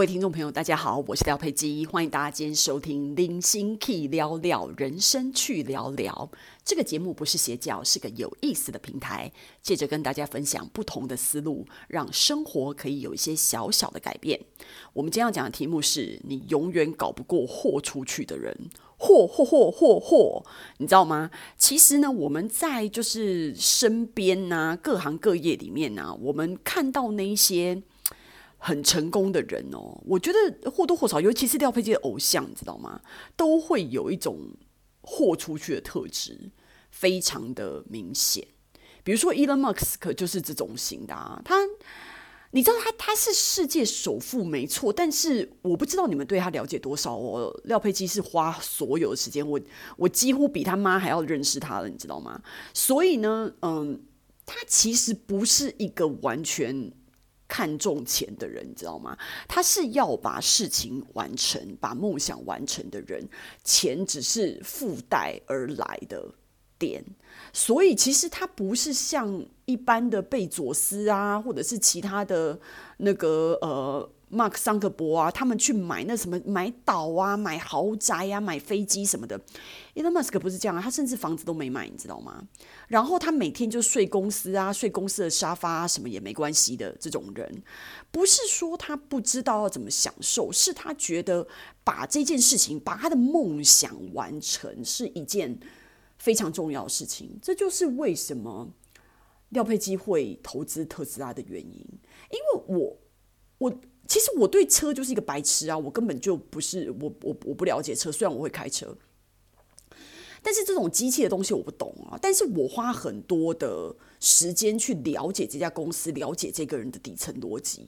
各位聽眾朋友，大家好，我是廖佩基，歡迎大家今天收聽《零星 K 聊聊人生去聊聊》這個節目，不是邪教，是個有意思的平台，借着跟大家分享不同的思路，讓生活可以有一些小小的改變。我們今天要講的題目是“你永遠搞不過豁出去的人，豁豁豁豁豁”，你知道嗎？其實呢，我們在就是身邊吶、啊，各行各業裡面啊，我們看到那一些。很成功的人哦，我覺得或多或少，尤其是廖佩基的偶像，你知道嗎？都會有一種豁出去的特質，非常的明顯。比如說伊隆馬斯克就是這種型的啊。他，你知道他他是世界首富沒錯，但是我不知道你們對他了解多少哦。廖佩基是花所有的時間，我我幾乎比他媽還要認識他了，你知道嗎？所以呢，嗯，他其實不是一個完全。看重錢的人，你知道嗎？他是要把事情完成，把夢想完成的人，錢只是附帶而來的點。所以，其實他不是像一般的貝佐斯啊，或者是其他的那個呃。馬克、桑德伯啊，他們去買那什麼買島啊、買豪宅啊、買飛機什麼的。因為馬 n m 不是這樣啊，他甚至房子都沒買，你知道嗎？然後他每天就睡公司啊，睡公司的沙發、啊、什麼也沒關係的。這種人不是說他不知道要怎麼享受，是他覺得把這件事情、把他的夢想完成是一件非常重要的事情。這就是為什麼廖佩基會投資特斯拉的原因，因為我我。其實我對車就是一個白痴啊，我根本就不是，我我我不了解車，雖然我會開車，但是這種機器的東西我不懂啊。但是我花很多的時間去了解這家公司，了解這個人的底層邏輯。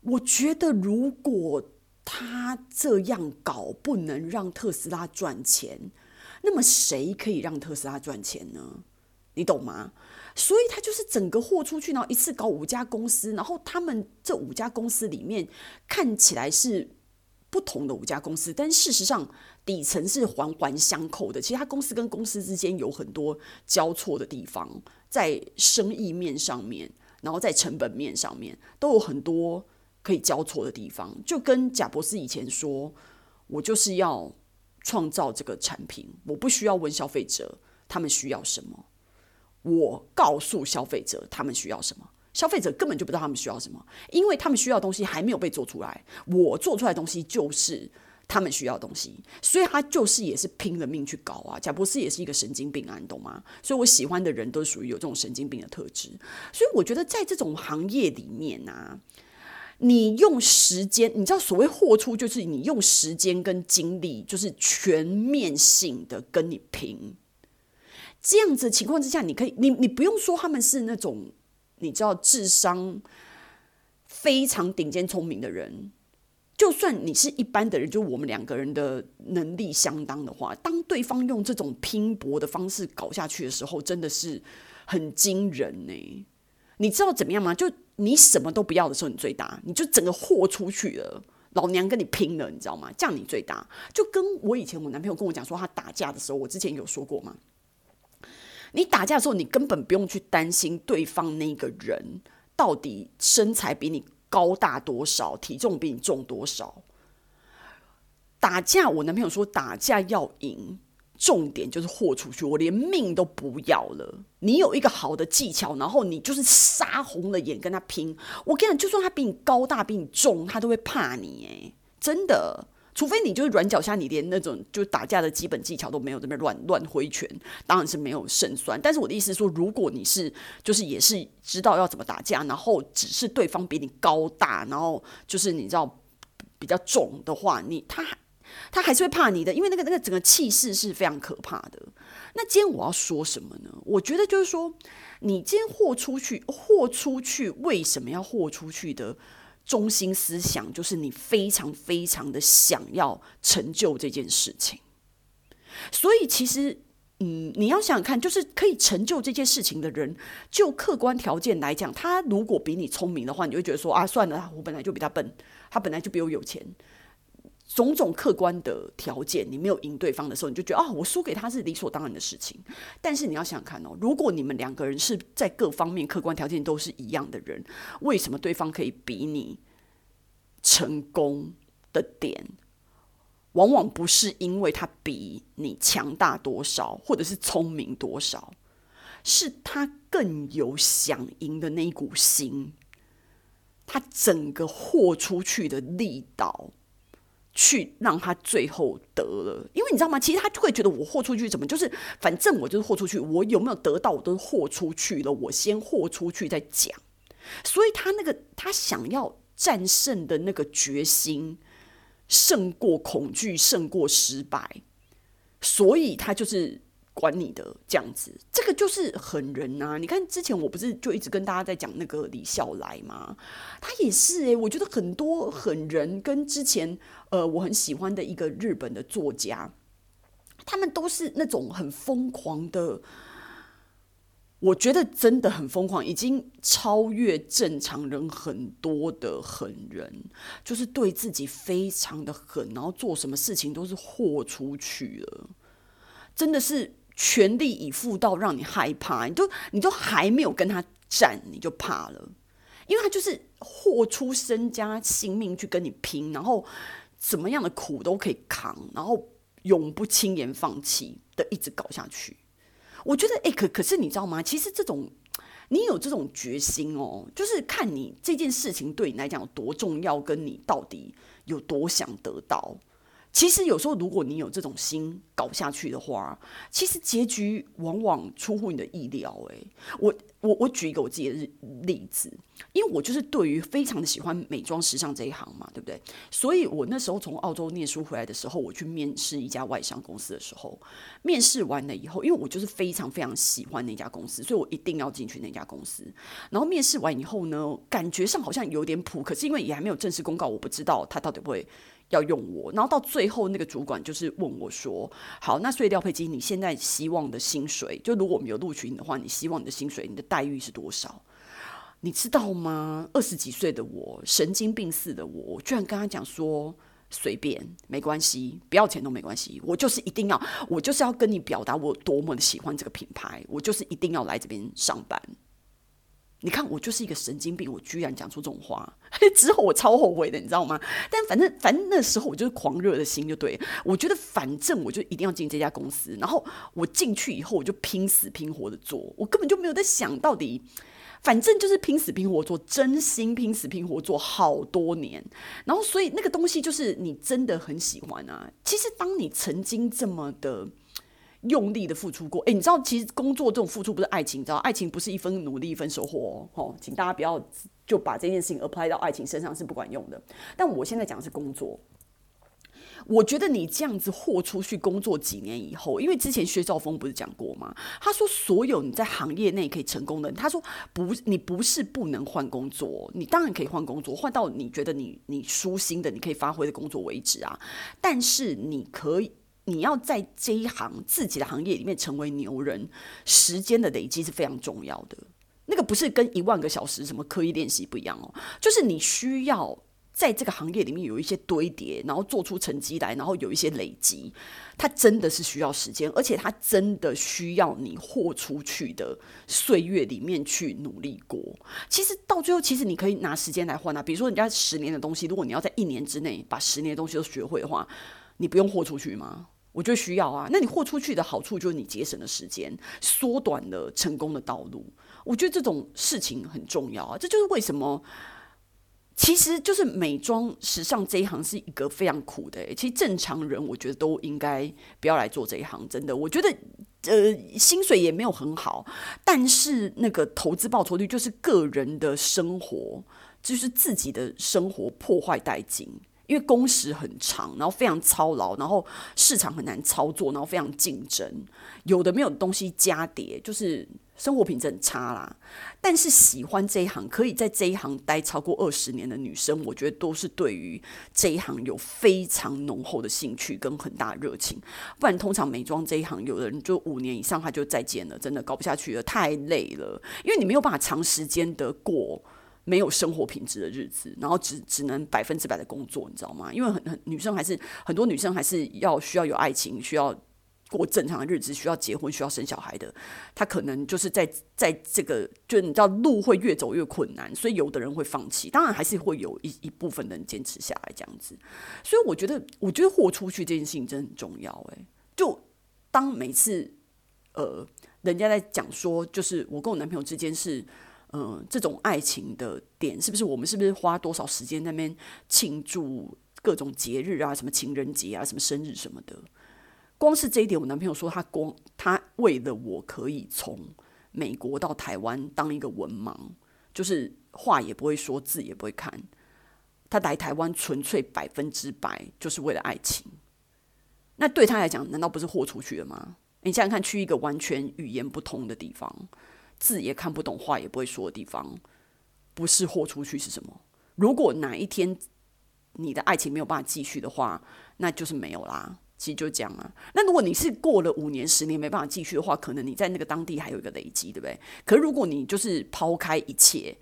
我覺得如果他這樣搞，不能讓特斯拉賺錢，那麼誰可以讓特斯拉賺錢呢？你懂嗎？所以他就是整個豁出去，然後一次搞五家公司，然後他們這五家公司裡面看起來是不同的五家公司，但事實上底層是環環相扣的。其實他公司跟公司之間有很多交錯的地方，在生意面上面，然後在成本面上面都有很多可以交錯的地方。就跟賈伯斯以前說，我就是要創造這個產品，我不需要問消費者他們需要什麼。我告訴消費者他們需要什麼，消費者根本就不知道他們需要什麼，因為他們需要的東西還沒有被做出來。我做出來的東西就是他們需要的東西，所以他就是也是拼了命去搞啊。賈伯斯也是一個神經病啊，你懂嗎？所以我喜歡的人都屬於有這種神經病的特質。所以我覺得在這種行業裡面呢、啊，你用時間，你知道所謂豁出就是你用時間跟精力，就是全面性的跟你拼。這樣子的情況之下，你可以，你你不用說他們是那種你知道智商非常頂尖聰明的人，就算你是一般的人，就我們兩個人的能力相當的話，當對方用這種拼搏的方式搞下去的時候，真的是很驚人呢、欸。你知道怎麼樣嗎？就你什麼都不要的時候，你最大，你就整個豁出去了，老娘跟你拼了，你知道嗎？這樣你最大，就跟我以前我男朋友跟我講說，他打架的時候，我之前有說過嗎？你打架的時候，你根本不用去擔心對方那個人到底身材比你高大多少，體重比你重多少。打架，我男朋友說打架要贏，重點就是豁出去，我連命都不要了。你有一個好的技巧，然後你就是殺紅了眼跟他拼。我跟你講，就算他比你高大，比你重，他都會怕你，哎，真的。除非你就是軟腳蝦，你連那種就打架的基本技巧都沒有，這邊亂亂揮拳，當然是沒有勝算。但是我的意思是說，如果你是就是也是知道要怎麼打架，然後只是對方比你高大，然後就是你知道比較重的話，你他他還是會怕你的，因為那個那個整個氣勢是非常可怕的。那今天我要說什麼呢？我覺得就是說，你今天豁出去，豁出去為什麼要豁出去的？中心思想就是你非常非常的想要成就這件事情，所以其實，嗯，你要想想看，就是可以成就這件事情的人，就客觀條件來講，他如果比你聰明的話，你會覺得說啊，算了，我本來就比他笨，他本來就比我有錢。種種客觀的條件，你沒有贏對方的時候，你就覺得啊、哦，我輸給他是理所當然的事情。但是你要想想看哦，如果你們兩個人是在各方面客觀條件都是一樣的人，為什麼對方可以比你成功的點，往往不是因為他比你強大多少，或者是聰明多少，是他更有想贏的那一股心，他整個豁出去的力道。去讓他最後得了，因為你知道嗎？其實他就會覺得我豁出去怎麼？就是反正我就是豁出去，我有沒有得到我都豁出去了，我先豁出去再講。所以他那個他想要戰勝的那個決心，勝過恐懼，勝過失敗，所以他就是。管你的這樣子，這個就是狠人啊！你看之前我不是就一直跟大家在講那個李笑來嗎？他也是誒、欸，我覺得很多狠人跟之前呃我很喜歡的一個日本的作家，他們都是那種很瘋狂的，我覺得真的很瘋狂，已經超越正常人很多的狠人，就是對自己非常的狠，然後做什麼事情都是豁出去了，真的是。全力以赴，到讓你害怕，你都你都還沒有跟他戰，你就怕了，因為他就是豁出身家性命去跟你拼，然後怎麼樣的苦都可以扛，然後永不輕言放棄的一直搞下去。我覺得，誒、欸，可可是你知道嗎？其實這種你有這種決心哦，就是看你這件事情對你來講有多重要，跟你到底有多想得到。其實有時候，如果你有這種心搞下去的話，其實結局往往出乎你的意料。哎，我。我我舉一個我自己的例子，因為我就是對於非常的喜歡美妝時尚這一行嘛，對不對？所以我那時候從澳洲念書回來的時候，我去面試一家外商公司的時候，面試完了以後，因為我就是非常非常喜歡那家公司，所以我一定要進去那家公司。然後面試完以後呢，感覺上好像有點譜，可是因為也還沒有正式公告，我不知道他到底會要用我。然後到最後那個主管就是問我說：“好，那所以廖佩金，你現在希望的薪水？就如果我們有錄取你的話，你希望你的薪水你的。”待遇是多少？你知道嗎？二十幾歲的我，神經病似的我，我居然跟他講說，隨便，沒關係，不要錢都沒關係。我就是一定要，我就是要跟你表達我多麼的喜歡這個品牌。我就是一定要來這邊上班。你看，我就是一個神經病，我居然講出這種話。之後我超後悔的，你知道嗎？但反正，反正那時候我就是狂熱的心，就對，我覺得，反正我就一定要進這家公司。然後我進去以後，我就拼死拼活的做，我根本就沒有在想到底，反正就是拼死拼活做，真心拼死拼活做好多年。然後，所以那個東西就是你真的很喜歡啊。其實，當你曾經這麼的。用力的付出過，誒、欸，你知道其實工作這種付出不是愛情，你知道愛情不是一分努力一分收穫哦，吼、哦，請大家不要就把這件事情 apply 到愛情身上是不管用的。但我現在講的是工作，我覺得你這樣子豁出去工作幾年以後，因為之前薛兆豐不是講過嗎？他說所有你在行業內可以成功的，他說不，你不是不能換工作，你當然可以換工作，換到你覺得你你舒心的，你可以發揮的工作為止啊。但是你可以。你要在這一行自己的行業裡面成為牛人，時間的累積是非常重要的。那個不是跟一萬個小時什麼刻意練習不一樣哦，就是你需要在這個行業裡面有一些堆疊，然後做出成績來，然後有一些累積，它真的是需要時間，而且它真的需要你豁出去的歲月裡面去努力過。其實到最後，其實你可以拿時間來換啊。比如說，人家十年的東西，如果你要在一年之內把十年的東西都學會的話，你不用豁出去嗎？我覺得需要啊，那你豁出去的好處就是你節省的時間，縮短了成功的道路。我覺得這種事情很重要啊，這就是為什麼，其實就是美妝時尚這一行是一個非常苦的欸。其實正常人我覺得都應該不要來做這一行，真的。我覺得呃薪水也沒有很好，但是那個投資報酬率就是個人的生活，就是自己的生活破壞殆盡。因為工時很長，然後非常操勞，然後市場很難操作，然後非常競爭，有的沒有東西加疊，就是生活品質很差啦。但是喜歡這一行，可以在這一行待超過二十年的女生，我覺得都是對於這一行有非常濃厚的興趣跟很大熱情。不然，通常美妝這一行有的人就五年以上，他就再見了，真的搞不下去了，太累了，因為你沒有辦法長時間的過。沒有生活品質的日子，然後只只能百分之百的工作，你知道嗎？因為很很女生還是很多女生還是要需要有愛情，需要過正常的日子，需要結婚，需要生小孩的。她可能就是在在這個，就你知道路會越走越困難，所以有的人會放棄。當然還是會有一一部分人堅持下來這樣子。所以我覺得，我覺得豁出去這件事情真的很重要。欸。誒，就當每次呃，人家在講說，就是我跟我男朋友之間是。嗯，這種愛情的點是不是我們是不是花多少時間在那邊慶祝各種節日啊，什麼情人節啊，什麼生日什麼的？光是這一點，我男朋友說他光他為了我可以從美國到台灣當一個文盲，就是話也不會說，字也不會看。他來台灣純粹百分之百就是為了愛情。那對他來講，難道不是豁出去了嗎？你想想看，去一個完全語言不通的地方，字也看不懂，話也不會說的地方，不是豁出去是什麼？如果哪一天你的愛情沒有辦法繼續的話，那就是沒有啦。其實就這樣啊。那如果你是過了五年、十年沒辦法繼續的話，可能你在那個當地還有一個累積，對不對？可是如果你就是拋開一切，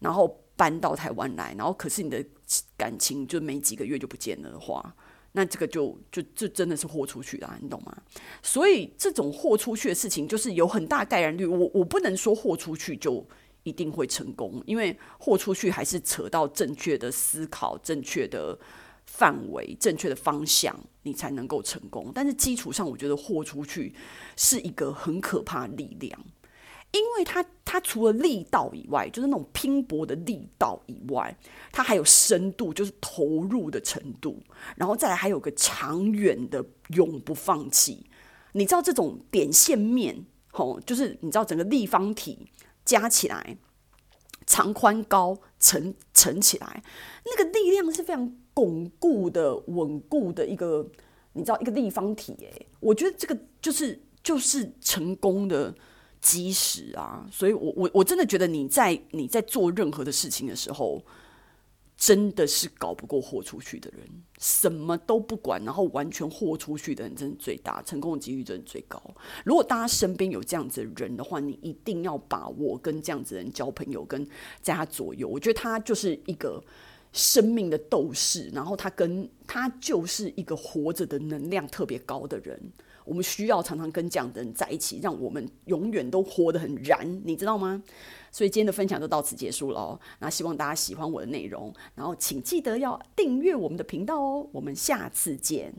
然後搬到台灣來，然後可是你的感情就沒幾個月就不見了的話。那這個就就就真的是豁出去了，你懂嗎？所以這種豁出去的事情，就是有很大概然率。我我不能說豁出去就一定會成功，因為豁出去還是扯到正確的思考、正確的範圍、正確的方向，你才能夠成功。但是基礎上，我覺得豁出去是一個很可怕的力量。因為它，它除了力道以外，就是那種拼搏的力道以外，它還有深度，就是投入的程度，然後再來還有個長遠的永不放棄。你知道這種點線面，吼、哦，就是你知道整個立方體加起來，長寬高乘乘起來，那個力量是非常鞏固的、穩固的一個，你知道一個立方體誒，我覺得這個就是就是成功的。即使啊，所以我我我真的覺得你在你在做任何的事情的時候，真的是搞不過豁出去的人，什麼都不管，然後完全豁出去的人，真的最大成功的幾率，真的最高。如果大家身邊有這樣子的人的話，你一定要把握跟這樣子的人交朋友，跟在他左右。我覺得他就是一個生命的鬥士，然後他跟他就是一個活着的能量特別高的人。我們需要常常跟這樣的人在一起，讓我們永遠都活得很燃，你知道嗎？所以今天的分享就到此結束了。那希望大家喜歡我的內容，然後請記得要訂閱我們的頻道哦。我們下次見。